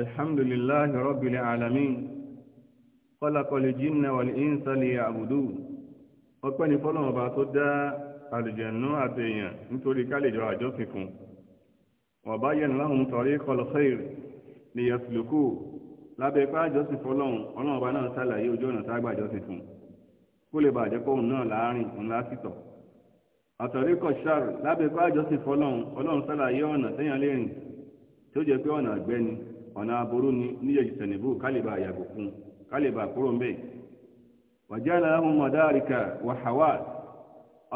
الحمد لله رب العالمين خلق الجن والإنس ليعبدوه ọpẹ́ ni fọ́lọ́run ọba tó dá àlùjànnú àti èèyàn nítorí kálẹ̀jọ àjọsìn fún wa bayyana lahum tariqal khair liyaslukuhu lábẹ́ ipá àjọsìn fọ́lọ́run ọlọ́run ọba náà ṣàlàyé ojú ọ̀nà tágbà àjọsìn fún kó lè bàjẹ́ pọ́ùn náà láàrin ńlá sítọ̀ àtọ̀ríkọ̀ ṣar ọ̀nà aburú ni níyẹ̀jì tẹ̀nìbù kálíbà yàgò fún kálíbà kúrò ń bẹ̀. wàjáàlá ahùn mọ̀dáríkà wàháwà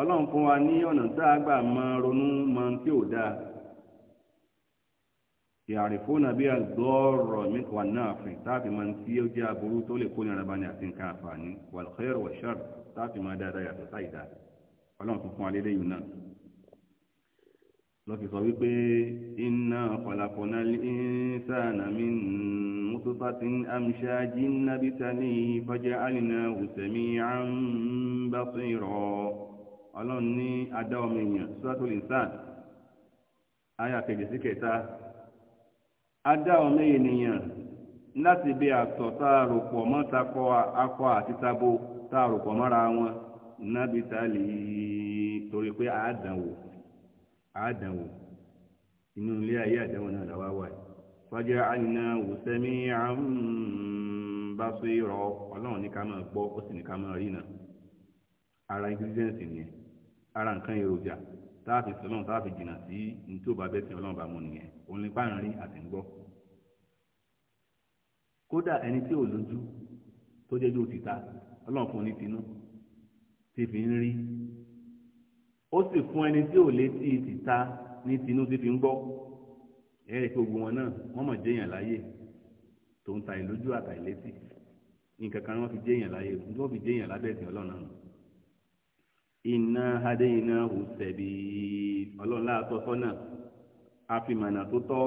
ọlọ́run fún wa ní ọ̀nà tá a gbà máa ronú máa tí ò dáa. ìyàrífóònù bí agbọ́ọ̀rọ̀ mi wà náà fìn táàfin máa tí ó jẹ́ aburú tó lè kó ní ara bani àti nǹkan àǹfààní wàlúkẹ́rù wàṣọ́rù táàfin máa dáadáa yàtọ̀ sáì dáa ọlọ́run fún wa lélẹ́yìn náà. lọ́fi sọ wípé inna khalaqnal insana min nutfatin amshajin nabtalihi faja'alnahu sami'an ọlọ́run ní adá ọmọ èèyàn suratul insan aya kejì sí kẹta adá ọmọ ènìyàn láti bí àtọ̀ tá a rò pọ̀ mọ́ takọ akọ àti tabo tá a rò pọ̀ mọ́ra wọn torí pé wò. àádánwò inú ilé ayé àdánwò náà làwa wà fọjá àyìnà wùsẹmí àmbásó ìrọ Ọlọ́run ní ká máa gbọ́ ó sì ní ká máa rí ara ingredients nìyẹn ara nǹkan èròjà táàfin sọlọ́run táàfin jìnnà sí ní tí ó bá bẹ́ẹ̀ sin Ọlọ́run bá mú nìyẹn òun ní rí àti ń gbọ́ kódà ó sì fún ẹni tí ò létí tìta ní tinu si fi ń gbọ́ ẹ̀rí pé gbogbo wọn náà wọ́n mọ̀ jẹ́yàn láyè tó ń ta ìlójú àtà ìlétí kan fi jẹ́yàn láyè wọ́n fi jẹ́yàn lábẹ́ ẹ̀sìn ọlọ́run náà iná adéyiná òsèbí ọlọ́run láàtọ́ sọ́nà àfimànà tó tọ́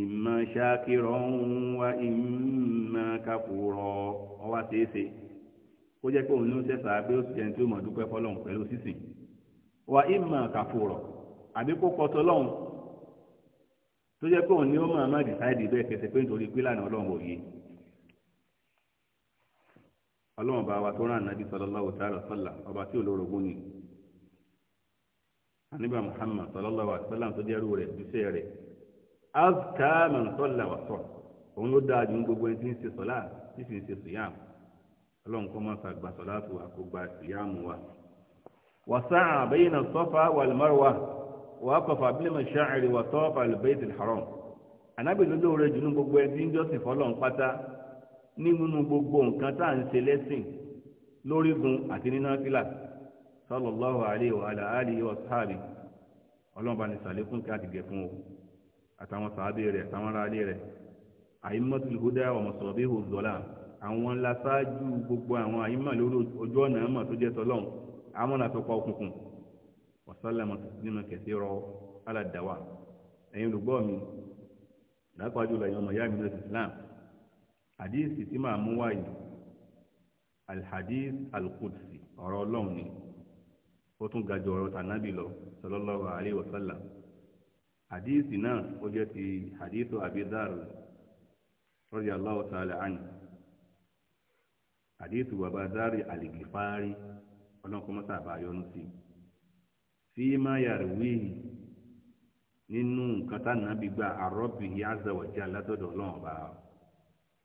ìmọ̀ ṣáàkìrọ̀ ń wá ìmọ̀ kàfùrọ̀ ọwá ṣeéṣe. kó jẹ́ pé òun ló ń sẹ́sà abẹ́ ó sì jẹ́ tí ó mọ̀ dúpẹ́ fọlọ́run pẹ̀lú sísìn wà ìmọ̀ kàfùrọ̀ àbí kó kọ́ tọlọ́run tó jẹ́ pé òun ni ó máa má dìsáìdì bẹ́ẹ̀ kẹsẹ̀ pé nítorí pé lánàá ọlọ́run ọlọ́run bá wa tó rán ànábì ọba tí olórogún ni Muhammad sallallahu alaihi wasallam tó jẹ́rú rẹ̀ bíṣẹ́ rẹ̀ azka man salla wa sọ òun ló dáa ju gbogbo ẹni ọlọ́run kọ́ máa sàgbà sọ̀láàtù wa kó gba ìyáàmù wa. wàsáà bayna sọ́fà wàlmárùwà wà á kọfà bílẹ̀ mọ̀ ṣáàrì wà tọ́ọ̀fà lùbẹ́ẹ̀tì haram. ànábì ló lóore jù ní gbogbo ẹbí ń jọ́sìn fọlọ́run pátá nínú gbogbo nǹkan tá à ń ṣe lẹ́sìn lórígun àti nínú fílà sallallahu alaihi wa ala alihi wa sahbihi ọlọ́run bá ní sàlékún kí á ti gẹ̀ fún o àtàwọn sàábì rẹ̀ àtàwọn aráalé rẹ̀ àyímọ́tìlúhúdà ọmọ sọ̀rọ̀ bí hùwà dọ́là àwọn lasáájú gbogbo àwọn àyímọ̀ lórí ojú ọ̀nà mọ̀ tó jẹ́ tọ́lọ́hún àwọn náà tó pa òkùnkùn wàsálàmù nínú kẹsì rọ aládàáwà ẹ̀yin olùgbọ́ mi lápájú lọ ìyọmọ yá mi ní Islam hadisi tí màá mú wáyé alhadis alqudsi ọ̀rọ̀ ọlọ́run ni ó tún ga ju ọ̀rọ̀ tànábì lọ sallallahu alaihi wasallam hadisi náà ó jẹ́ ti hadithu Abi Dharr radiyallahu ta'ala anhu àdéhùn bàbá zari àlìgìfárí ọlọ́nkọ́ mọ́tà àbáyọ́nù sí fi máa yàrá wíìlì nínú nǹkan tánàbí gba àrọ́bì azawajá látọ̀dọ̀ ọlọ́run ọba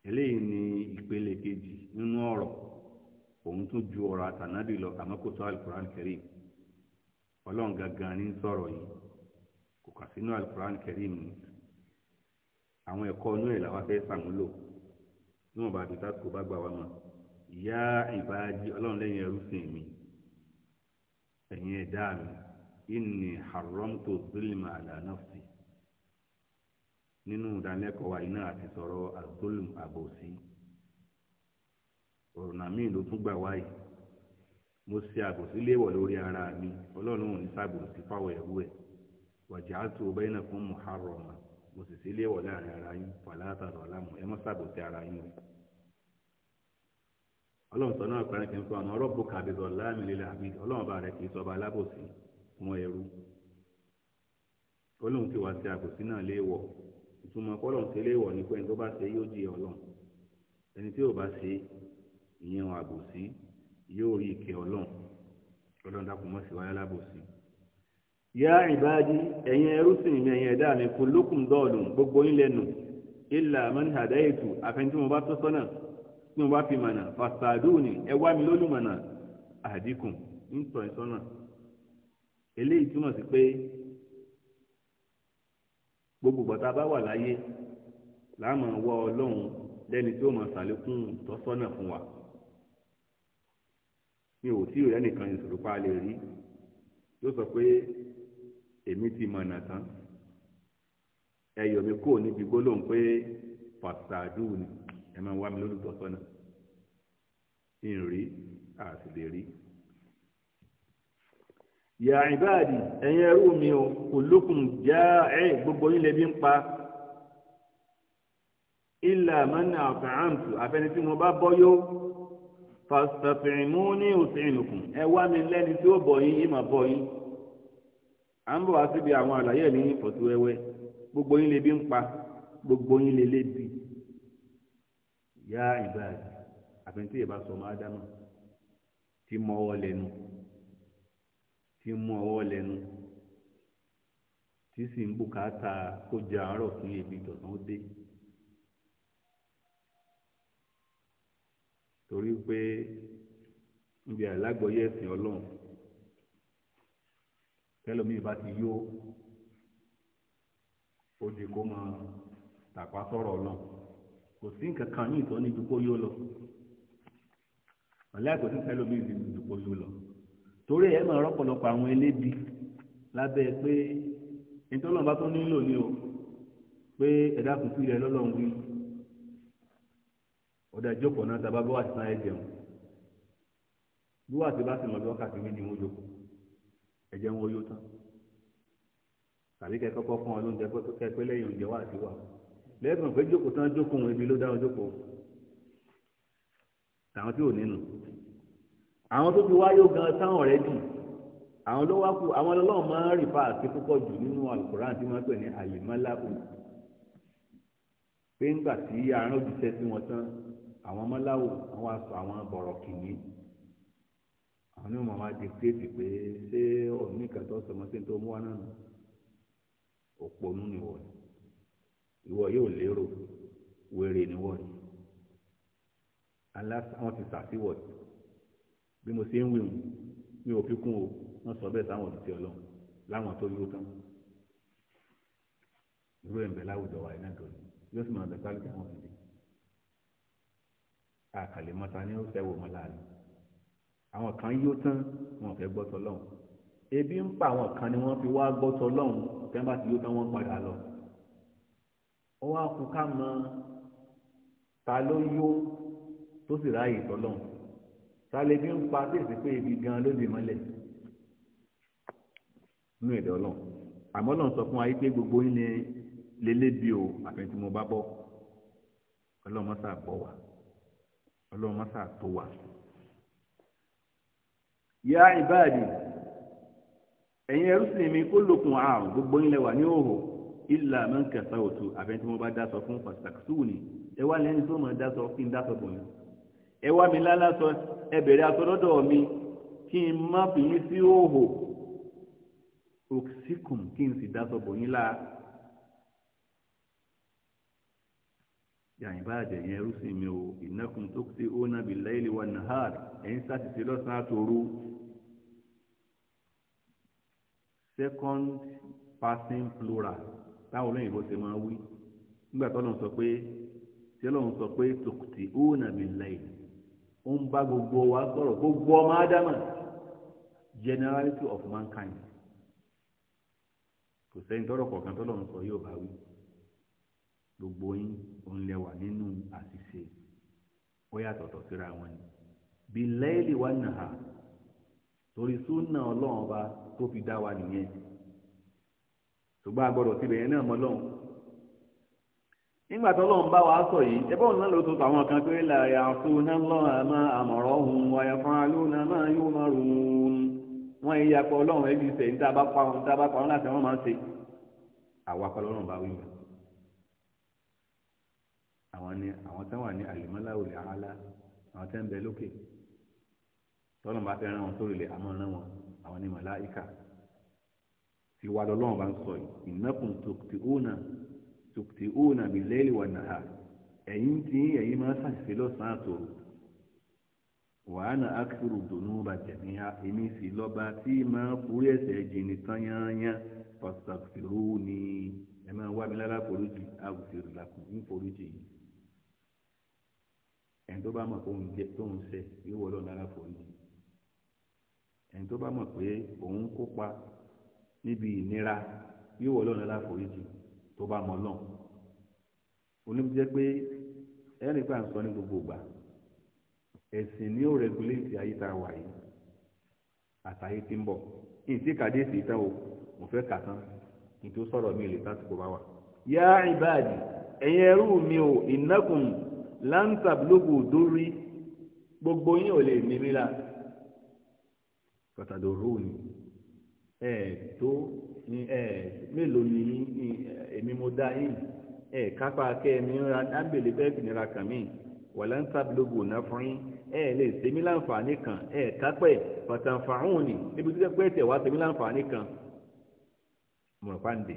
eléyìí ni ìpele kejì nínú ọ̀rọ̀ òun tún ju ọ̀rọ̀ àtànábì lọ àmọ́ kò tó alukuran karim ọlọ́run gangan ní sọ̀rọ̀ yìí kò kà sínú alukuran karim ni àwọn ẹ̀kọ́ inú ẹ̀ làwọn fẹ́ sàmúlò níwọ̀n bá dùn bá gbà wá mọ́. ya ìbárají ọlọ́run lẹ́yìn ẹrú sìn mi ẹ̀yin ẹ̀dá mi ala nínú ìdánilẹ́kọ̀ọ́ wa iná àti sọ̀rọ̀ azulm àbòsí ọ̀rọ̀nà míì ló tún gbà wáyé mo ṣe àbòsí lórí ara mi ọlọ́run ò ní ṣàbòsí fáwọn ẹ̀rú ẹ̀ waja'altu bainakum muharrama mo sì sí léèwọ̀ láàrin ara yín fàlàtà rọ̀ lámù ara yín ọlọ́run sọ náà parí kí n sọ àmọ́ ọlọ́bù kàbíbọ̀ láàmìlélẹ̀ àbí ọlọ́run bá rẹ̀ kì í sọ ọba alábòsí fún ẹrú ọlọ́run ti wá sí àbòsí náà léèwọ̀ ìtumọ̀ kọ́lọ́run ti léèwọ̀ ní pé ẹni tó bá ṣe yóò jìyà ọlọ́run ẹni tí ò bá ṣe ìyẹn àbòsí yóò rí ìkẹ́ ọlọ́run ọlọ́run dákun mọ́ sí wáyé alábòsí. yá ìbáàdí ẹ̀yin ẹrú sì ní ẹ̀yin ẹ̀dá mi kò lókùn dọ́ọ̀lù gbogbo yín lẹ́nu ìlà mọ́nìhàdáyètù àfẹnjú mo bá tó sọ́nà tí mo bá fi mànà fàṣàdúnì ẹ wá mi lólùmọ̀nà àdínkù ń tọ̀ ẹ́ sọ́nà eléyìí túmọ̀ sí pé gbogbo bọ́tà bá wà láyé láàmú ọlọ́run lẹ́ni tí ó fún wa mi ò tí yẹ nìkan ìṣòro pa lè rí yóò sọ pé èmi ti mọ̀nà tán ẹ̀yọ̀ mi kò níbi gbólóhùn pé ẹ máa wá mi lórúkọ sọ́nà ìrì àti lè rí. yà ìbáàdì ẹ̀yin ẹrú mi o kò lókun já ẹ gbogbo yín lẹ́bí ń pa ilà mọ́nà àfẹ́hàǹtù àfẹ́ni tí mo bá bọ́ yó fàṣàfìrìmù ní òsìrìnùkùn ẹ wá mi lẹ́ni tí ó bọ̀ yín ìmọ̀ bọ̀ yín à ń bọ̀ wá síbi àwọn àlàyé ní ìfọ̀túwẹ́wẹ́ gbogbo yín lè ń pa gbogbo yín lè lé bi yá ìbáàdì àfẹnití ìbá sọ ọmọ dama ti mọ ọwọ lẹnu ti mọ ọwọ lẹnu ti sì ń bùkátà kó jẹ àárọ̀ fún ebi tọ̀sán ó dé torí pé níbi àìlágbọ́yé ẹ̀sìn ọlọ́run tẹ́lómi bá ti yó ó di kó máa tàpá sọ̀rọ̀ ọlọ́run. kò sí nǹkan kan ní ìtọ́ ní ìdúpọ̀ yóò lọ ọ̀lẹ́ àkọsí sẹ́lómi ní ìdúpọ̀ yóò lọ torí ẹ̀ máa rọ́pọ̀lọpọ̀ àwọn elébi lábẹ́ pé ìtọ́lọ́mọba tó nílò ni o pé ẹ̀dá kò fi rẹ̀ lọ́lọ́run wí ọ̀dà ìjókòó náà tàbá bọ́ àti náà ẹ jẹun bí wàá ti bá sì mọ̀ bí wákàtí méjì wọn jókòó ẹ̀jẹ̀ wọn yóò tán tàbí kẹ́ fún ọ lóúnjẹ pé kẹ́kẹ́ lẹ́yìn oúnjẹ wà sí wà lẹ́ẹ̀kan pé jókòó tán jókòó wọn ibi ló dáwọn jókòó tàwọn tí ò nínú àwọn tó ti wáyé gan táwọn ọ̀rẹ́ dì àwọn ló wá kú àwọn ọlọ́run máa ń rìfà àti púpọ̀ jù nínú àlùkòrán tí wọ́n pè ní àyèmọ́lá òkú pé ńgbà tí arán òjíṣẹ́ sí wọn tán àwọn ọmọláwò àwọn aṣọ àwọn bọ̀rọ̀ kìíní àwọn ní màmá dìktéètì pé ṣé òun ní ìkàtọ́ sọmọ́sí tó mú wa náà òpó nínú ìwọ̀nyí ìwọ yóò lérò wèrè níwọ ni aláwọn ti sàfíwọ bí mo ṣe ń wí hùn mi ò fi kún o wọn sọ bẹ́ẹ̀ sáwọn òdìsí Ọlọ́run láwọn tó yóò tán irú ẹ̀ ń bẹ láwùjọ wa iná tó ní yóò sì máa bẹ sálùkù àwọn òdìsí àkàlẹ̀ mọ́ta ni ó fẹ́ wò mọ́ láàrin àwọn kan yóò tán wọn fẹ́ gbọ́tọ̀ lọ́hùn ebi ń pa àwọn kan ni wọ́n fi wá gbọ́tọ̀ lọ́hùn tẹ́ ti yóò tán wọ́n padà lọ ó wá kú ká mọ ta ló yó tó sì ráàyè tọ́lọ́n sálẹ̀ bí ń pa tèsí pé ibi gan ló dè mọ́lẹ̀ nínú èdè ọlọ́run àmọ́ náà sọ fún wa yìí pé gbogbo yín ni lélẹ́bi o àfihàn tí mo bá bọ́ ọlọ́run mọ́sà bọ̀ wá ọlọ́run mọ́sà tó wá. yá ìbáàdì ẹ̀yin ẹrú sì mi kó lókun àrùn gbogbo yín lẹ́wà ní òhò ilà mẹ́ǹkà sáwòtú àbẹ́ tí wọ́n bá dáṣọ fún pàṣàkùsù ni ẹ wá lẹ́ni tó mọ̀ dáṣọ kí n dáṣọ bọ̀ yín ẹ wá mi lálásọ ẹ bẹ̀rẹ̀ aṣọ lọ́dọ̀ mi kí n má fi yín sí òhò òsìkùn kí n sì dáṣọ bọ̀ yín láà yàyìnbá àjẹyìn ẹrú sí mi o ìnákun tó ti ó nábì láìlì wa nahar ẹ̀yin sátìsí lọ́sàn-án àtòru second passing plural táwọn olóyìnbó ṣe máa wí nígbà tó lọ́n sọ pé tí lọ́n sọ pé tòkùtì òònà mi lẹ́yìn ó bá gbogbo wa gbogbo ọmọ ádámà generality of mankind kò sẹ́yìn tọ́rọ̀ kọ̀ọ̀kan tó lọ́n sọ yóò bá wí gbogbo yín òun wà nínú àṣìṣe ó síra ṣùgbọ́n agbọ́dọ̀ síbẹ̀ yẹn náà mọ́ lọ́hùn nígbà tó lọ́n bá wàá sọ yìí ẹbọ́ náà ló tó àwọn kan pé làyà fún náà lọ́wọ́ àmọ́ àmọ̀rọ̀ ọ̀hún wàyà fún alóòna máa yóò máa rùn ún wọ́n yí apọ̀ ọlọ́run ẹbí ìfẹ́ ní tábà pa wọn tábà pa wọn láti wọn máa ń ṣe àwọn apọ̀ ọlọ́run bá wíwà àwọn ni àwọn tán wà ní àlùmọ́láwò lè àhálà àwọn tán ń bẹ lókè tọ́lọ́n bá fẹ́ wọn sórí lè àmọ́ wọn àwọn ni màláìka ìwà lọ́lọ́run bá ń sọ yìí ìnákùn tòkìtìhónà tòkìtìhónà bìlẹ́ẹ̀lì wà nàá ẹ̀yìn tí ẹ̀yìn máa ń ṣàṣìṣe lọ́sàn-án àtòrò wàhánà akérò dùnú bàjẹ́ ní a èmi sì lọ́ba tí máa ń forí ẹ̀ṣẹ̀ jìnnì tán yányá pàṣàfìrò ni ẹ máa wá mi lára foríjì àwùjọ làkùn ń foríjì yìí ẹni tó bá mọ̀ pé òun jẹ tóun ṣe yóò wọlé ọ̀nà lára foríjì ẹni tó bá mọ̀ pé òun kópa níbi ìnira yóò wọ lọ́nà láforíjì tó bá mọ lọ́n oníbùjẹ́ pé ẹnì kan sọ ní gbogbo ìgbà ẹ̀sìn ni ó rẹ́gúléètì ayé tá a wà yìí àtàyé ti ń bọ̀ ìtì kàdéèsì tán o mo fẹ́ kà tán kí n tó sọ̀rọ̀ mi lè tásìkò bá wà. yá ìbáàdì ẹ̀yin ẹrú mi ò ìnákùn láǹtàbùlógù dórí gbogbo yín ò lè mírí la pàtàkì òru ni ẹ tó ẹ mélòó ni èmi mo dá yín ẹ kápá kẹ ẹ mìíràn ábèlè bẹ́ẹ̀ fi nira kàn mí wàlá ń sábìlógò náà fún yín ẹ lè sèmi láǹfààní kan ẹ kápẹ́ pàtàǹfààhùn ni níbi tí pẹ́ tẹ̀ wá sèmi láǹfààní kan mọ̀ pàǹdé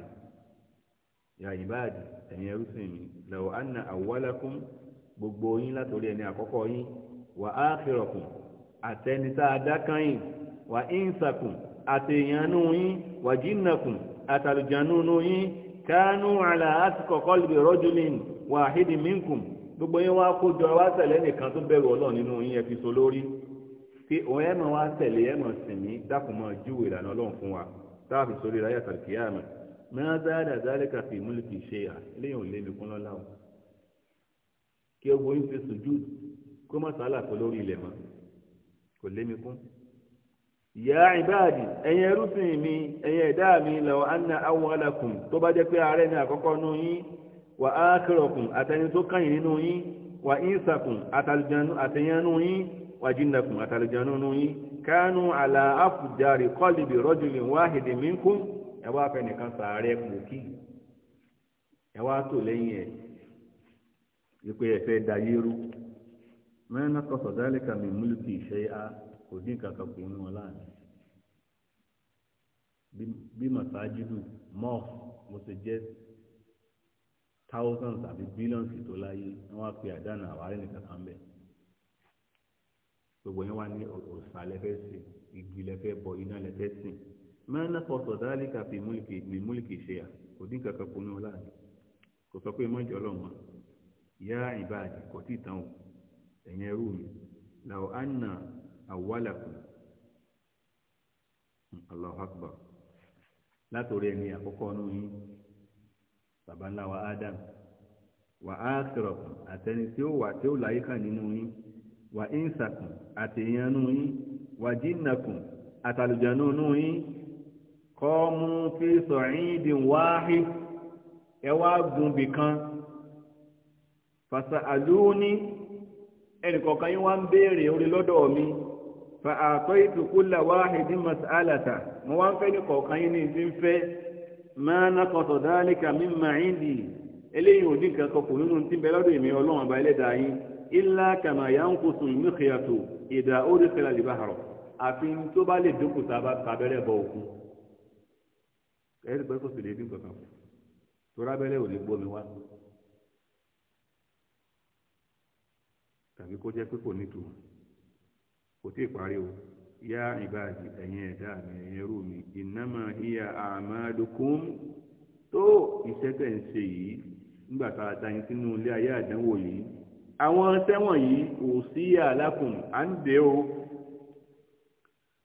ya ibadi ẹ̀yin ẹrúsìn mi lẹ́wọ̀ anna awwalakum gbogbo yín látòrí ẹni àkọ́kọ́ yín wà áàkìrọ̀kùn àtẹni tá a dá kan yín wà ínsàkùn àtẹ̀yànú yín wàjínàkùn àtàlùjànúnú yín kánú àlà àti kọ̀kọ́ lè rọ́júlìn wà hídì mínkùn gbogbo yín wá kójọ wá tẹ̀lé nìkan tó bẹ̀rù ọlọ́run nínú yín ẹ fi so lórí pé òun ẹ̀ wá tẹ̀lé ẹ̀ mọ̀ sìn dákun mọ̀ júwe ìlànà ọlọ́run fún wa táà fi sórí ráyà tàlùkìyàmù mẹ́rin dáadáa dáríkà fi múlùkì ṣe à léyìn ò lé kún lọ́lá o kí ogun yín fi sùjú kó mọ̀ sálà kó lórí ilẹ̀ mọ́ kò lé kún. ya ibadi ẹ̀yin mi ẹ̀yin ẹ̀dá mi law anna awwalakum tó bá pé ààrẹ ni àkọ́kọ́ nú yín wa akhirakum àtẹni tó kàyìn nínú yín wa insakum àtẹyẹn nú yín wa jinnakum àtàlùjẹnu nù yín kánú àlà afjari qalbi rajulin wahidin minkum ẹ wá fẹ́ nìkan sàárẹ̀ ẹ wá ẹ náà kò dín kankan kù ní wọn láàrin bí masajidu mosque mo ṣe jẹ thousands àbí billions tó láyé wọn á pe àdánù àwárí nìkan kan bẹ gbogbo yẹn wá ní òòṣà lẹfẹ sìn igi lẹfẹ bọ iná lẹfẹ sìn mẹ́rin pọ̀tọ̀ dáríkà fi múlìkì ní múlìkì ṣe à kò dín kankan kú ní wọn láàrin kò sọ pé mọ́jọ́ ọlọ́run ìyá ìbàdí kò tí ì tán o ẹ̀yìn ẹrú mi làwọn àna awalakum hmm, Allahu akbar látòrí ẹni àkọ́kọ́ nù yín bàbá ńlá wa Adam wa akhirakum àtẹni tí ó wà tí ó láyé kàn nínú yín wa insakum àtẹ̀yàn nù yín wa jinnakum àtàlùjànú nù yín kọ́mú fi sa'idin wahid ẹ wá gun bìkan fasa àlùú ní ẹnìkọ̀ọ̀kan yín wá ń béèrè orí lọ́dọ̀ mi fa a'taytu kulla wahidin mas'alata mo wá ń fẹ́ ní kọ̀ọ̀kan yín ní ti ń fẹ́ ma naqata dhalika mimma 'indi eléyìí ò dín kankan kò nínú tí ń bẹ lọ́dọ̀ èmi ọlọ́run ọba ẹlẹ́dàá yín illa kama yanqusu al-mikhyatu idha udkhila al-bahra àfi tó bá lè dínkù tábẹ́rẹ́ bọ òkun ẹ̀rí tàbí kó jẹ́ pé kò nítumọ̀. kò tí ì o yá ìbáàdì ẹ̀yin ẹ̀dá mi ẹ̀yin ẹrú mi ìnámà ìyá àmàlùkùn tó iṣẹ́ tẹ̀ ń ṣe yìí nígbà tá a ta yín sínú ilé ayé àdánwò yìí àwọn tẹ́wọ̀n yìí kò sí àlákùn à ń dé o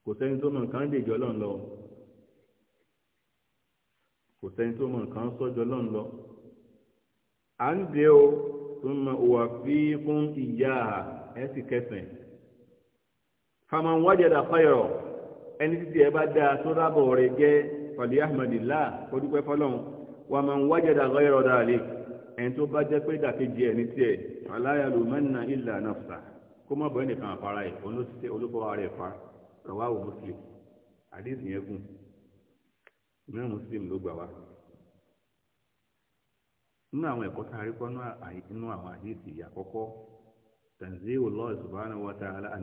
kò sẹ́ni tó nǹkan jọ lọ́n lọ o tó mọ fi ìyá ẹ̀ sì faman wájàdà fáyọrọ ẹni títí ẹ bá dáa tó rábọ̀ rẹ̀ gẹ́ pàlí ahmadillah kó dúpẹ́ fọlọ́run wà man wájàdà ghayra dàlẹ́ ẹni tó bá jẹ́ pé dàkejì ẹ̀ ní tiẹ̀ aláyàlú mẹ́nà ìlà nafsa kó má bọ̀ ẹnìkan àfárá ẹ̀ olóṣìṣẹ́ olúfọwọ́ rẹ̀ fa rawahu muslim àdéhùn yẹn gùn náà muslim ló gbà wá nínú àwọn ẹ̀kọ́ tá a rí kọ́ nínú àwọn àdéhùn ìyà àkọ́kọ́ tanzihu Allah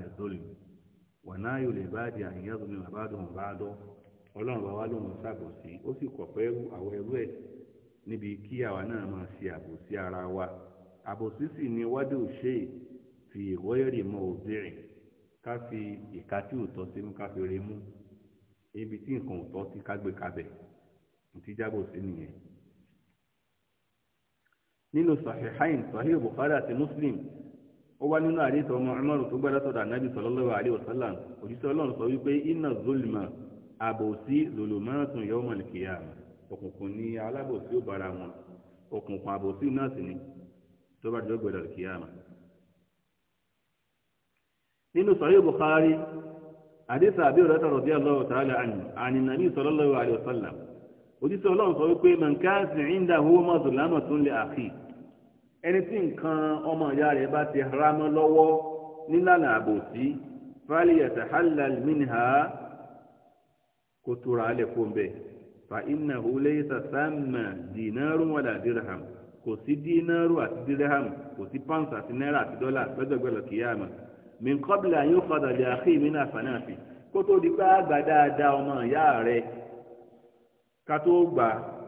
wọ̀nà ayò lè bá di àyìn yàtọ̀ ní bàbá àdùn bá dọ́ ọlọ́run bàbá lòun ṣàbòsí ó sì kọ̀ fẹ́ àwọn ẹrú ẹ̀ níbi kí àwa náà máa ṣe àbòsí ara wa àbòsí sì ni wádìí òṣè fi ìwọ́yẹ̀rì mọ òbẹ̀rẹ̀ ká fi ìka tí ò tọ́ sínú ká fi remú ibi tí nǹkan ò sí ká gbé kabẹ̀ ntí jábòsí nìyẹn nínú Sahihain Sahih Bukhari àti Muslim ó wá nínú àdéhùn ọmọ ọmọrùn tó gbọ́dọ̀ sọ̀dọ̀ ànábì sallallahu alaihi wasallam òjíṣẹ́ ọlọ́run sọ wípé iná zolima àbòsí zolomọ́tún yawmal qiyamah òkùnkùn ní alábòsí ó bára wọn òkùnkùn àbòsí náà sì ni tó bá dúró gbọ́dọ̀ kìyàmà. nínú sọ̀rọ̀ Bukhari àdéhùn àbí òrẹ́ta rọ̀bí ọlọ́wọ́ tààlà àní nàbí sallallahu alaihi wasallam òjíṣẹ́ ọlọ́run sọ wípé mọ̀nkáàsì ẹni tí nǹkan ọmọ ìyá rẹ̀ bá ti ramọ́ lọ́wọ́ nílànà àbòsí fali yatahallal minha kó tura alẹ̀ fún bẹ́ẹ̀ fa innahu laysa samma dinaru wala dirham kò sí dinaru àti dirham kò sí pounds àti náírà àti dọ́là lọ́jọ́gbẹ́lọ́ kìíyàmà min qabla an yuqada li akhi min afanafi kó tó di pé àgbà dáadáa ọmọ ìyá rẹ̀ ká tó gbà á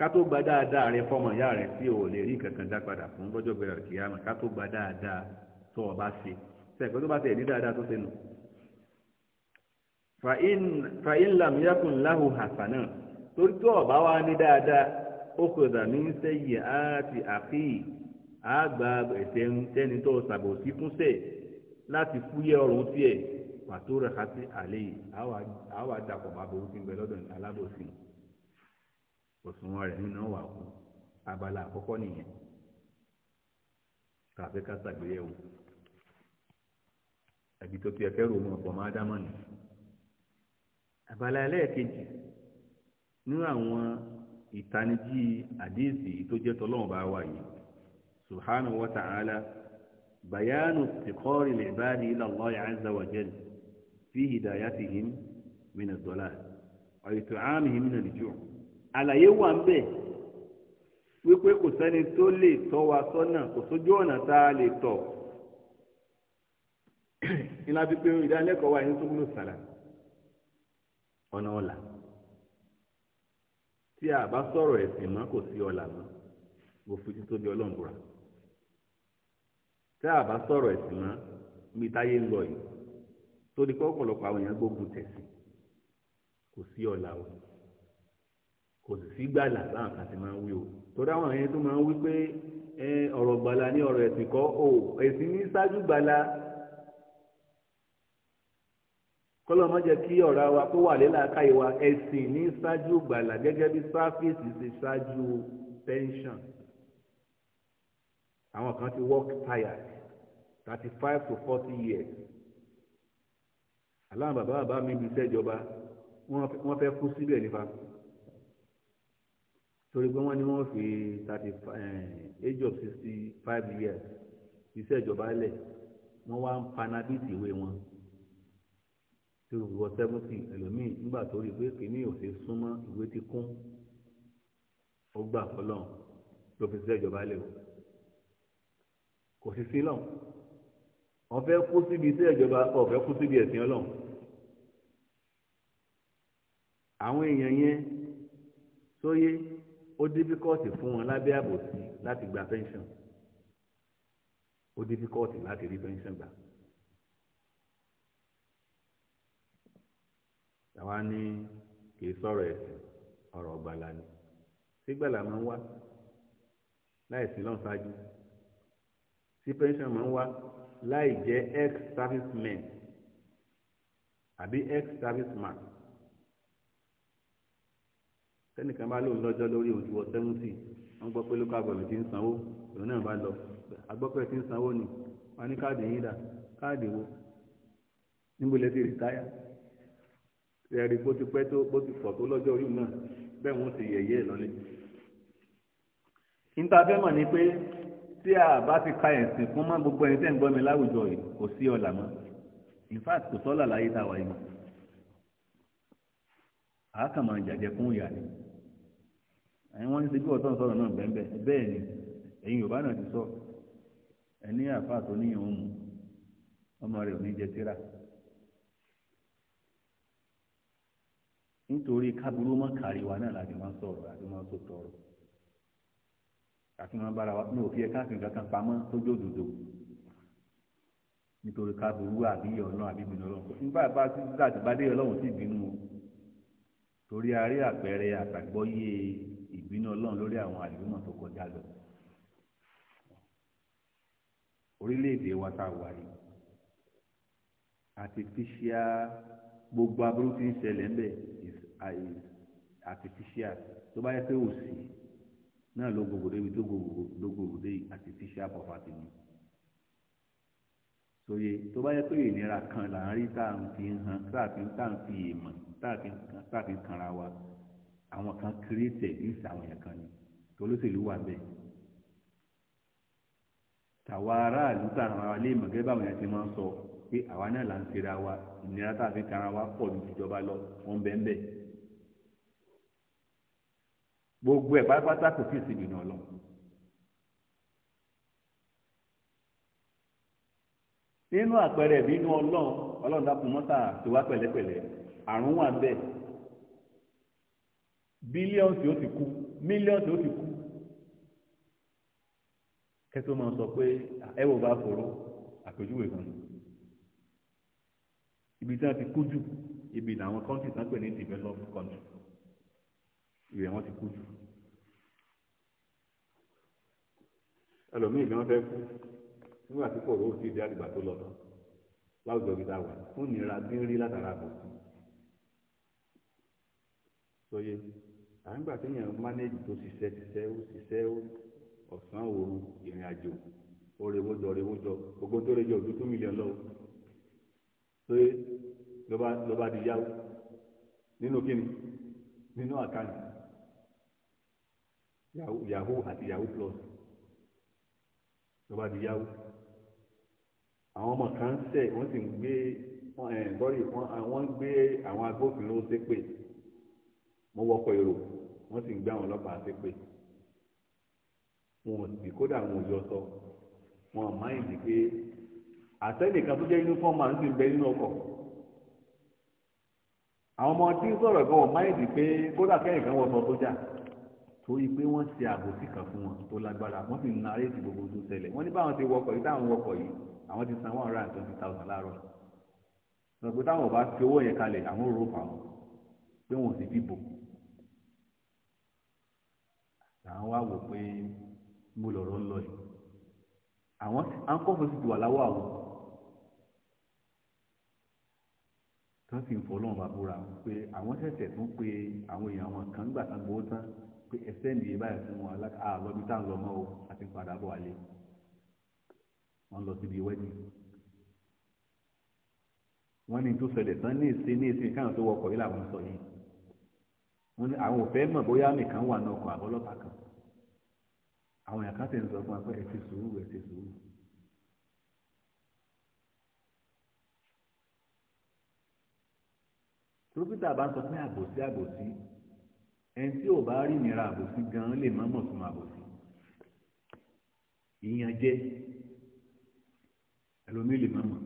ká tó gba dáadáa rẹ fọmọ ìyá rẹ tí o lè rí kankan dá padà fún lọ́jọ́ gbéra kìí àmọ́ ká tó gba dáadáa tó o bá ṣe sẹ́ẹ̀kọ́ tó bá tẹ̀ ní dáadáa tó ṣe nù. fa in lam yakun lahu hasana torí tó o bá wá ní dáadáa ó kò dà mí sẹ́yìn àti àfíì àgbà ẹ̀sẹ̀ ń tẹ́ni tó ṣàbòsí fúnṣẹ̀ láti fúyẹ́ ọrùn tiẹ̀ pàtó rẹ̀ àti àlè àwọn àdàpọ̀ bàbá òkú ń bẹ lọ́dọ̀ alábòsí òṣùwọ̀n rẹ̀ nínú wà kú abala àkọ́kọ́ nìyẹn tàbí ká ṣàgbéyẹ̀wò àbí tó ti ẹ̀kẹ́ ròmọ̀ ọ̀pọ̀ máa dá mọ́nì. abala ẹlẹ́ẹ̀kejì nínú àwọn ìtanijí àdéhìsì tó jẹ́ tọ́lọ́run bá wà yìí subhanahu wa ta'ala bayanu tikọ́rì lè bá ila Allah azza wa jalla fi hidayatihim min ad-dalal wa min al àlàyé wà ń bẹ̀ wípé kò sẹ́ni tó lè tọ́ wa sọ́nà kò sójú ọ̀nà tá a lè tọ̀ ìlà fi pé ìdánilẹ́kọ̀ọ́ wa yẹn tó wúlò sàlà ọ̀nà ọ̀la tí a bá sọ̀rọ̀ ẹ̀sìn mọ́ kò sí ọ̀la mọ́ mo fi títóbi ọlọ́run búra tí a bá sọ̀rọ̀ ẹ̀sìn mọ́ mi táyé ń lọ yìí torí pé ọ̀pọ̀lọpọ̀ àwọn èèyàn gbógun tẹ̀sí kò sí ọ̀la o kò sì sí gbàlà láwọn kan ti máa ń wí o torí àwọn yẹn tó máa ń wí pé ọ̀rọ̀ gbàlà ní ọ̀rọ̀ ẹ̀sìn kọ́ o ẹ̀sìn ní ṣáájú gbàlà kọlọmọ jẹ́ kí ọ̀rọ̀ wa kó wà lélà káyé wa ẹ̀sìn ní ṣáájú gbàlà gẹ́gẹ́ bí sáfíìsì ṣe ṣáájú pẹ́ńṣọ̀n àwọn kan ti work tired thirty five to forty years aláwọn bàbá bàbá mi bí sẹ́jọba wọ́n fẹ́ kú síbẹ̀ nípa torí pé wọ́n ní wọ́n fi thirty eh, age of sixty five years iṣẹ́ ìjọba lẹ̀ wọ́n wá ń panabiti ìwé wọn tí o wọ seventy ẹlòmíì nígbà tó rí i pé kìíní ò ṣe súnmọ́ ìwé ti kún ó gbà fọlọ́n ló fi ṣiṣẹ́ ìjọba lẹ̀ o kò sí sílọ̀ wọ́n fẹ́ kú síbi iṣẹ́ ìjọba ọ̀ fẹ́ kú síbi ẹ̀sìn ọlọ́run àwọn èèyàn yẹn sóyé. So ó dífíkọ́ọ̀tì fún wọn lábẹ́ àbòsí láti gba pension ó dífíkọ́ọ̀tì láti rí pension gbà. àwa ní kì í sọ̀rọ̀ ẹ̀sìn ọ̀rọ̀ ọ̀gbàlà ni sígbàlà máa ń wá láì sí lọ́n ṣáájú sí pension máa ń wá láì jẹ́ ex-servicemen àbí ex-serviceman tẹ́nìkan bá lóun lọ́jọ́ lórí òjò wọ sẹ́wọ́ntì wọ́n gbọ́ pé lókà gọ̀ọ̀mì ti ń sanwó òun náà bá lọ agbọ́pẹ́ ti ń sanwó ni wọ́n ní káàdì yín dà káàdì wo níbo lẹ ti rìtáyà ẹ̀rí bó ti pẹ́ tó bó ti pọ̀ tó lọ́jọ́ orí náà bẹ́ẹ̀ wọ́n ti yẹ̀yẹ́ ẹ̀ lọ́lẹ̀. ìntàfẹ́mọ̀ ni pé tí a bá ti ka ẹ̀sìn fún mọ́ gbogbo ẹni tẹ́ ń gbọ́ mi láwùjọ yìí kò sí ọ̀là mọ́ in fact kò a wà ẹ̀yin wọ́n ń ṣe bí ọ̀tọ̀ ń sọ̀rọ̀ náà bẹ́ẹ̀ bẹ́ẹ̀ ni ẹ̀yin yorùbá náà ti sọ ẹni àfa tó níyàn ń mu ọmọ rẹ̀ ò ní jẹ tíra nítorí kábúrú mọ́ kárí wa náà láti máa sọ̀rọ̀ láti máa sọ tọrọ láti máa bára wa ní òfin ẹ̀ka àfihàn kankan pamọ́ tó jó dòdò nítorí kábúrú àbí ọ̀nà àbí ìbínú ọlọ́run nígbà bá ti dàgbà dé ọlọ́run sí ìbínú torí a rí àpẹẹrẹ àtàgbọ́yé ìbínú ọlọ́run lórí àwọn àlùmọ̀ tó kọjá lọ orílẹ̀-èdè wa tá wà yìí artificial gbogbo aburú tí ń ṣẹlẹ̀ ń bẹ̀ artificial tó bá yẹ pé òsì náà ló gbogbo débi tó gbogbo dé artificial poverty ni sòye tó bá yẹ pé ìnira kan là ń rí tá à ń fi hàn tá à fi tá à ń fi èèmọ̀ tá à fi kanra wa àwọn kan kírètè ìsì àwọn èèyàn kan ni tolóṣèlú wà bẹ́ẹ̀ tàwa aráàlú tààrà wa lè mọ̀ gẹ́gẹ́ báwọn èèyàn ti máa ń sọ pé àwa náà là ń tera wa ìnira tá a fi tara wa pọ̀ ju ìjọba lọ wọn bẹ́ẹ̀ bẹ́ẹ̀ gbogbo ẹ̀ pátápátá kò tí ì ìdùnnà lọ. nínú àpẹẹrẹ ìbínú ọlọ́run ọlọ́run dákun mọ́tà tó wá pẹ̀lẹ́pẹ̀lẹ́ àrùn wà bẹ́ẹ̀ bílíọ̀nsì ó ti kú mílíọ̀nsì ó ti kú kẹ́tọ́ máa sọ pé ẹ wò bá fòrò àpèjúwe kan ibi tí wọ́n ti kú jù ibi làwọn kọ́ńtì tán pè ní developed country ibi àwọn ti kú jù ẹlòmíì ni wọ́n fẹ́ kú nígbà tí kò rówó sí ìdí àdìgbà tó lọ tán láwùjọ gidi àwà fún ìnira tí ń rí látara àbòsí sóyè. So, yeah à ń gbà tí èèyàn mánéjì tó ṣiṣẹ́ ṣiṣẹ́ ó ṣiṣẹ́ ó ọ̀sán òru ìrìn àjò orèwójọ orèwójọ gbogbo tó rẹjọ ojú tó mílíọ̀n lọ pé lọ́ba di yáwó nínú kíni nínú àkáǹtì yahoo àti yahoo plus lọ́ba di yáwó àwọn ọmọ kan ń sẹ̀ wọ́n sì ń gbé wọ́n ń gbé àwọn agbófinró ṣépè wọ́n wọ́pọ̀ èrò wọ́n sì ń gbé àwọn ọlọ́pàá àti pé wọn ò sì kódà wọn ò yọ sọ wọn ò máa ń dì pé àtẹnìkan tó jẹ́ uniform man sì ń bẹ nínú ọkọ̀ àwọn ọmọ tí ń sọ̀rọ̀ gan wọn máa ń dì pé kódà kẹ́nìkan wọ sọ sójà torí pé wọ́n ṣe àbòsí kan fún wọn tó lágbára wọ́n sì ń na aréèdì gbogbo tó ṣẹlẹ̀ wọ́n ní báwọn ti wọkọ̀ yìí táwọn wọkọ̀ yìí àwọn ti san one hundred and twenty thousand láàárọ̀ lọ́gbọ́n táwọn ò bá fi owó yẹn kalẹ̀ àwọn ò rò fáwọn pé wọn ò sì fi bò àwọn wá wò pé mo lọ̀rọ̀ ń lọ yìí àwọn ankọ́fọ́ sì ti wà láwọ́ àwọn tó sì ń fọlọ́run bá búra pé àwọn ṣẹ̀ṣẹ̀ tún pé àwọn èèyàn wọn kan gbà tán gbowó tán pé ẹsẹ̀ nìyí báyìí fún wọn àlọ́bí tá à ń lọ mọ́ o àti padà bọ̀ wálé wọ́n lọ síbi wẹ́ẹ̀dì wọ́n ní tó ṣẹlẹ̀ tán ní ìsín ní ìsín káwọn tó wọkọ̀ yìí làwọn sọ yìí wọ́n ní àwọn òfẹ́ mọ̀ bóyá nìkan wà náà kọ́ àbọ́lọ́pàá kan àwọn èèyàn kan ti ń sọ fún wa pé ẹ ti sùúrù ẹ ti sùúrù. dókítà bá ń sọ pé àbòsí àbòsí ẹni tí ò bá rí ìnira àbòsí gan-an lè má mọ̀ fún àbòsí ìyàn jẹ ẹlòmíì lè má mọ̀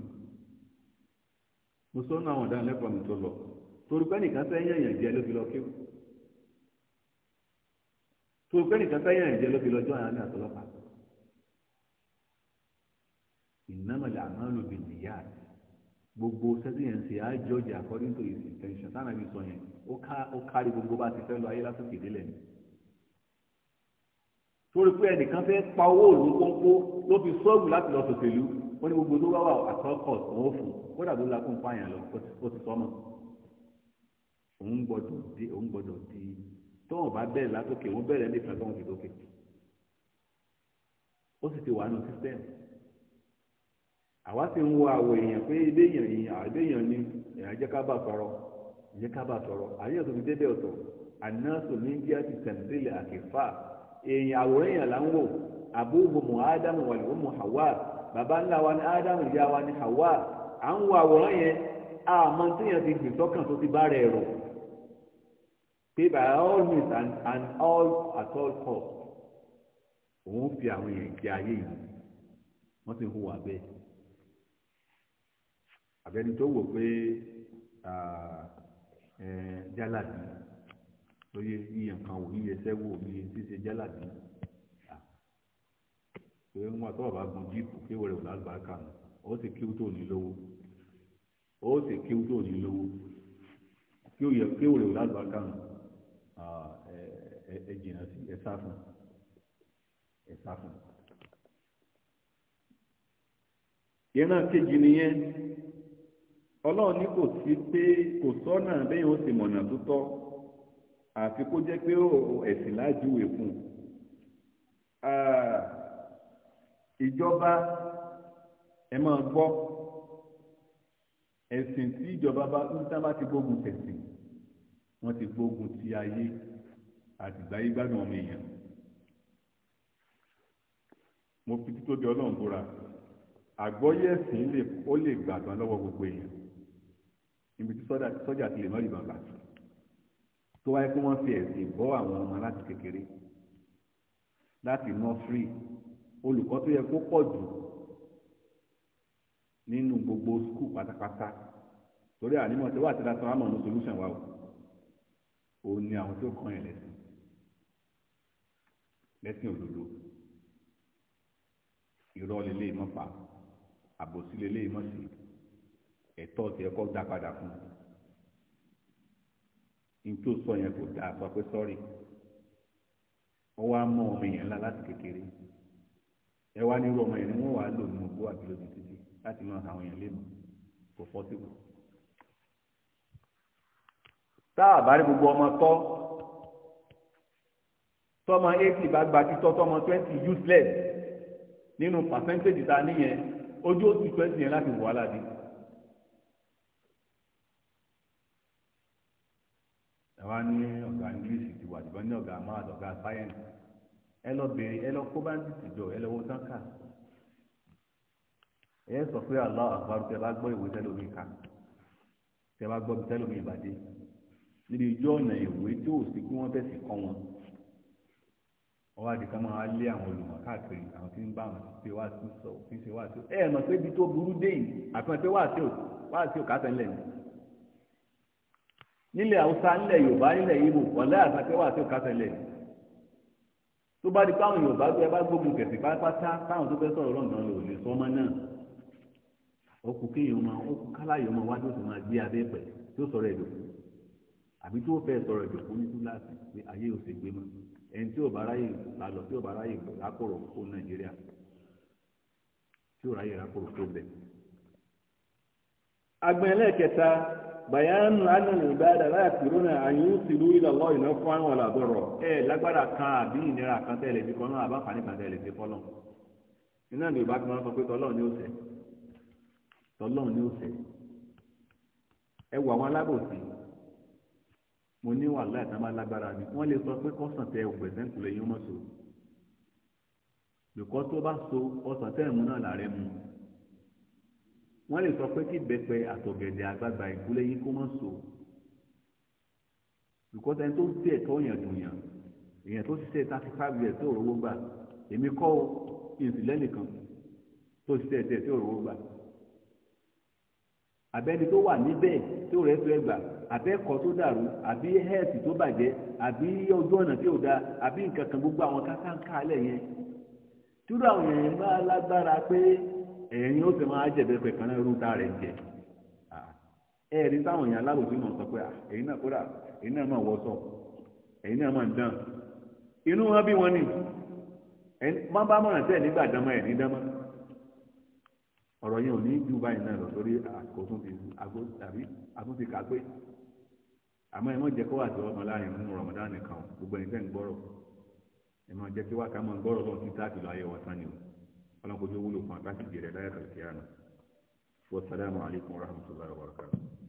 mo sọ ọ́nà àwọn ọ̀daràn lẹ́kọ̀ọ́ mi tó lọ torí pé nìkan fẹ́ yàn yàn ló fi lọ kéwòn tó o fẹ́nìkan sẹ́yìn ẹ̀jẹ̀ ló fi lọ́jọ́ àyàn ní àtọ́lọ́pàá ìnámọ̀lẹ̀ àmọ́lò bìnnìyà gbogbo sẹ́sìn ṣe á jọjì according to his intention sáà náà fi sọ yẹn ó kárí gbogbo bá ti fẹ́ lọ ayé lásìkò ìdílé mi torí pé ẹnìkan fẹ́ pa owó òòlù kónkó ló fi sọ́ọ̀gù láti lọ sòṣèlú ó ní gbogbo tó bá wà àtọ́kọ̀ òun fún kódà tó lakún fún àyàn lọ ó ti sọ́mọ́ òun gbọ́dọ̀ di tó wọn bá bẹ̀rẹ̀ látòkè wọn bẹ̀rẹ̀ nípa tó wọn ti dókè ó sì ti wà nù sísẹ́m àwa ti ń wo àwọ̀ èèyàn pé yìí ni èèyàn jẹ́ ká bà tọrọ jẹ́ ká bà sọ̀rọ̀ àyẹ̀wò tó fi débẹ̀ ọ̀tọ̀ ní bí a ti tẹ̀lé àkèfà èèyàn àwòrán èèyàn là ń wò wa ní ádámù ìyá wa ní hawa à ń wo àwòrán yẹn àmọ́ tí yẹn ti pé by all means and, and all at all cost òun fi àwọn èèyàn jẹ ayé yìí wọ́n sì ń hùwà bẹ́ẹ̀ àbẹ́ni tó wò pé jálàbí lóye iye nǹkan wò iye ẹsẹ̀ wò iye ṣíṣe jálàbí pé wọn àtọwọ bá gun jíìpù kéwòrè òun lálùbáríkà nù ó sì kíw tó ní lówó ó sì kíw tó ní lówó kéwòrè òun lálùbáríkà nù ẹ jìnnà sí ẹ sá fún ẹ sá fún. ìran kejì nìyẹn ọlọ́run ní kò sí pé kò sọ́nà bẹ́ẹ̀ ó sì mọ̀nà tó tọ́ àfi kó jẹ́ pé ẹ̀sìn lájúwe fún un ìjọba ẹ máa gbọ́ ẹ̀sìn tí ìjọba bá ń sábà ti gbógun tẹ̀sìn wọ́n ti gbógun ti ayé àtìgbáyé gbádùn ọmọ èèyàn mo fi títóbi ọlọ́run búra àgbọ́yé ẹ̀sìn ó lè gbàgbọ́n lọ́wọ́ gbogbo èèyàn níbi tí sọ́jà ti lè mọ́ ìbọn gbà tó wáyé kí wọ́n fi ẹ̀sìn bọ́ àwọn ọmọ láti kékeré láti nọ́ọ̀sì olùkọ́ tó yẹ kó pọ̀ jù nínú gbogbo skul pátápátá torí ànímọ̀ tí wọ́n àti ìdásọ́nà àmọ̀ ní solution wa o òun ni àwọn tó kàn yẹn lẹ́sìn lẹ́sìn òdodo irọ́ lélẹ́yìí mọ́ pa àbòsí lélẹ́yìí mọ́ sí ẹ̀tọ́ tí ẹ kọ́ dá padà fún un tó sọ yẹn kò dáa sọ pé sọ́ọ̀rì wọ́n wá mọ ọmọ yẹn ńlá láti kékeré ẹ wá nírú ọmọ yẹn ni wọ́n wàá lò ní ogbó àbí lójú títì láti máa àwọn yẹn lé mọ́ kò fọ́ síbò tá a bá rí gbogbo ọmọ tọ́ tọmọ eighty bá gba títọ́ tọmọ twenty useless nínú percentage ta níyẹn ojú òsì twenty yẹn láti wọ aládé. àwa ní ọ̀gá english ti wà ṣùgbọ́n ní ọ̀gá math ọ̀gá science ẹ lọ bèrè ẹ lọ kó bá ń tètè jọ ẹ lọ wo ẹ sọ pé aláwọ àgbàrú tẹ bá gbọ́ ìwé tẹlómi kà tẹ bá gbọ́ tẹlómi ìbàdí níbi ìjọ ọ̀nà ìwé tí ò sí kí wọ́n tẹ̀sí kọ́ wọn ọwọ́ àdìkan máa lé àwọn olùmọ̀ káàkiri àwọn tí ń bá wọn ṣe wá sí sọ fi ṣe wá sí ẹ mọ̀ pé ibi tó burú dé yìí àfihàn pé wá sí òkàtà ńlẹ̀ ni nílẹ̀ haúsá nílẹ̀ yorùbá nílẹ̀ ìgbò ọ̀lẹ́ àfihàn pé wá sí òkàtà ńlẹ̀ ni tó bá di káwọn yorùbá tó ẹ bá gbógun kẹsì pátápátá káwọn tó fẹ́ sọ̀rọ̀ lọ́nà lò lè sọ ọmọ náà ó kù kéèyàn máa ó kù káláyọ̀ máa máa gbé àbí tí fe fẹ́ sọ̀rọ̀ ìjòkó ní túláàsì pé ayé ò sì gbé mọ́ ẹni tí ò bá ráyè lálọ tí ò bá ráyè kó nàìjíríà tí ò ráyè kó bẹ̀. kẹta bayanu anani ibada láti rona àyùn ti rú ilẹ̀ ọlọ́ iná fún àwọn ọ̀làdọ̀rọ̀ ẹ lágbára kan àbí ìnira kan fi náà kan fi iná ni ẹ wọ àwọn mo ní wàhálà ìtàmà lágbára mi wọ́n lè sọ pé kọ́sàn tẹ ògbẹ̀sẹ̀ ń kulẹ̀ yín mọ́ so lùkọ́ tó bá so ọsàn tẹ́ ẹ̀mú náà làárẹ̀ mu wọ́n lè sọ pé kí bẹ́pẹ àtọ̀gẹ̀dẹ̀ àgbàgbà ìkúlẹ̀ yín kó mọ́ so lùkọ́ tẹ́ tó dé ẹ̀tọ́ yẹn dùn yàn èèyàn tó ṣiṣẹ́ thirty five years tó rówó gbà èmi kọ́ o ìsìlẹ̀ nìkan tó ṣiṣẹ́ ẹ̀tẹ́ tó rówó gbà àbẹ́ni tó wà níbẹ̀ tó rẹ̀ tó ẹgbà àbẹ́kọ̀ tó dàrú àbí hẹ́ẹ̀sì tó bàjẹ́ àbí ojú ọ̀nà tí ò da àbí nǹkan gbogbo àwọn kákáńká alẹ̀ yẹn túrọ̀ àwọn èèyàn bá lágbára pé ẹ̀yin ó sì máa pẹ̀ kan náà irú ta rẹ̀ jẹ ẹ̀rí táwọn èèyàn sọ pé ẹ̀yin náà kódà ẹ̀yin náà máa ẹ̀yin náà máa dán inú wọn bí wọn ọ̀rọ̀ yẹn ò ní ju báyìí náà lọ lórí àkótún ti àbí àtúntì kà pé àmọ́ ẹ mọ̀ jẹ́ kó wà tó ọmọ láàrin nínú Ramadan nìkan gbogbo ẹ̀yin tẹ́ǹ gbọ́rọ̀ ẹ mọ̀ jẹ́ kí wà ká mọ̀ gbọ́rọ̀ lọ́n ti táàkì lọ ayé wọ̀tán ni o ọlọ́nkójú wúlò fún àtàkì jẹrẹ láyàtọ̀ kíá náà wọ́n sàlámù alaykum wa rahmatulahi